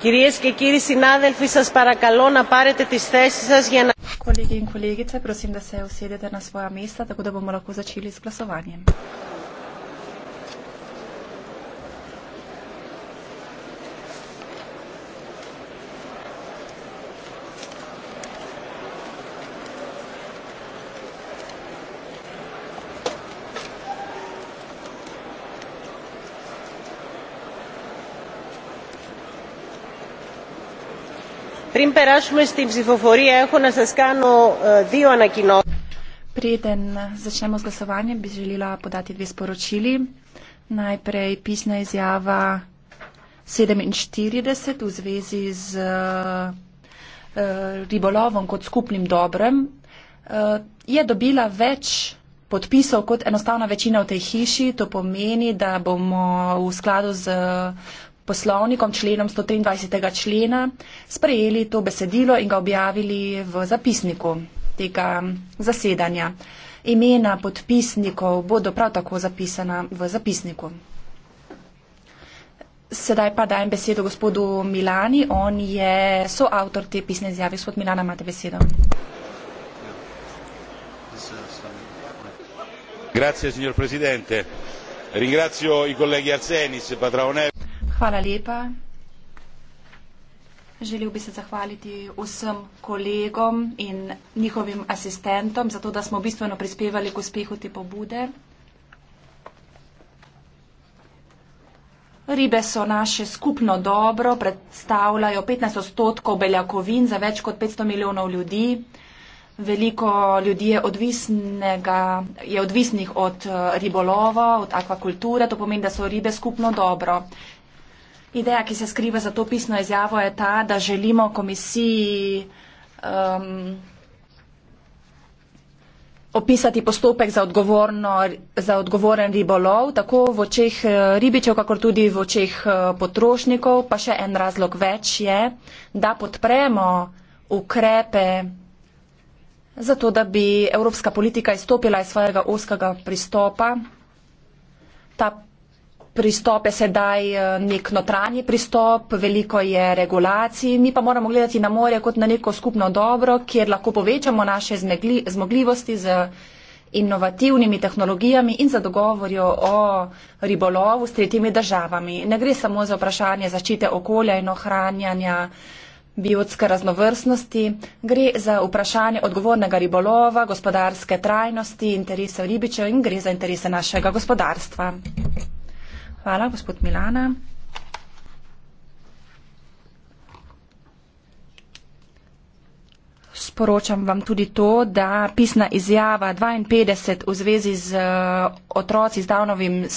Κυρίες και κύριοι συνάδελφοι, σας παρακαλώ να πάρετε τις θέσεις σας για να... Κολλήγοι και κολλήγοι, προσύντα σε ουσίδετε να σπορά μίστα, τα κούτα που μολακούζα τσίλις γλασοβάνιεν. Πριν περάσουμε στην ψηφοφορία, έχω να σας κάνω δύο ανακοινώσεις. Πριν ζεσέμω στο σοβάνι, μπιζελίλα από τα τίδια σποροτσίλη. Να υπερεπίσνα εζιάβα 47 u zvezi z uh, ribolovom kot skupnim dobrem, uh, je dobila več podpisov kot enostavna večina v tej hiši. To pomeni, da bomo v skladu z uh, poslovnikom, členom 123. člena, sprejeli to besedilo in ga objavili v zapisniku tega zasedanja. Imena podpisnikov bodo prav tako zapisana v zapisniku. Sedaj pa dajem besedo gospodu Milani, on je soavtor te pisne izjave. Gospod Milana, imate besedo. Grazie, signor Presidente. Ringrazio i colleghi Arsenis, Patraonello. Hvala lepa. Želel bi se zahvaliti vsem kolegom in njihovim asistentom za to, da smo bistveno prispevali k uspehu te pobude. Ribe so naše skupno dobro, predstavljajo 15 odstotkov beljakovin za več kot 500 milijonov ljudi. Veliko ljudi je, je odvisnih od eh, ribolova, od akvakulture, to pomeni, da so ribe skupno dobro. Ideja, ki se skriva za to pisno izjavo, je ta, da želimo komisiji um, opisati postopek za, za odgovoren ribolov, tako v očeh eh, ribičev, kakor tudi v očeh eh, potrošnikov. Pa še en razlog več je, da podpremo ukrepe za to, da bi evropska politika izstopila iz svojega oskega pristopa. Ta pristope sedaj eh, nek notranji pristop, veliko je regulacij, mi pa moramo gledati na morje kot na neko skupno dobro, kjer lahko povečamo naše zmogljivosti z inovativnimi tehnologijami in za dogovorjo o ribolovu s tretjimi državami. Ne gre samo za vprašanje zaščite okolja in ohranjanja biotske raznovrstnosti, gre za vprašanje odgovornega ribolova, gospodarske trajnosti, interesov ribičev in gre za interese našega gospodarstva. Hvala, gospod Milana. Sporočam vam tudi to, da pisna izjava 52 v zvezi z eh, otroci z Downovim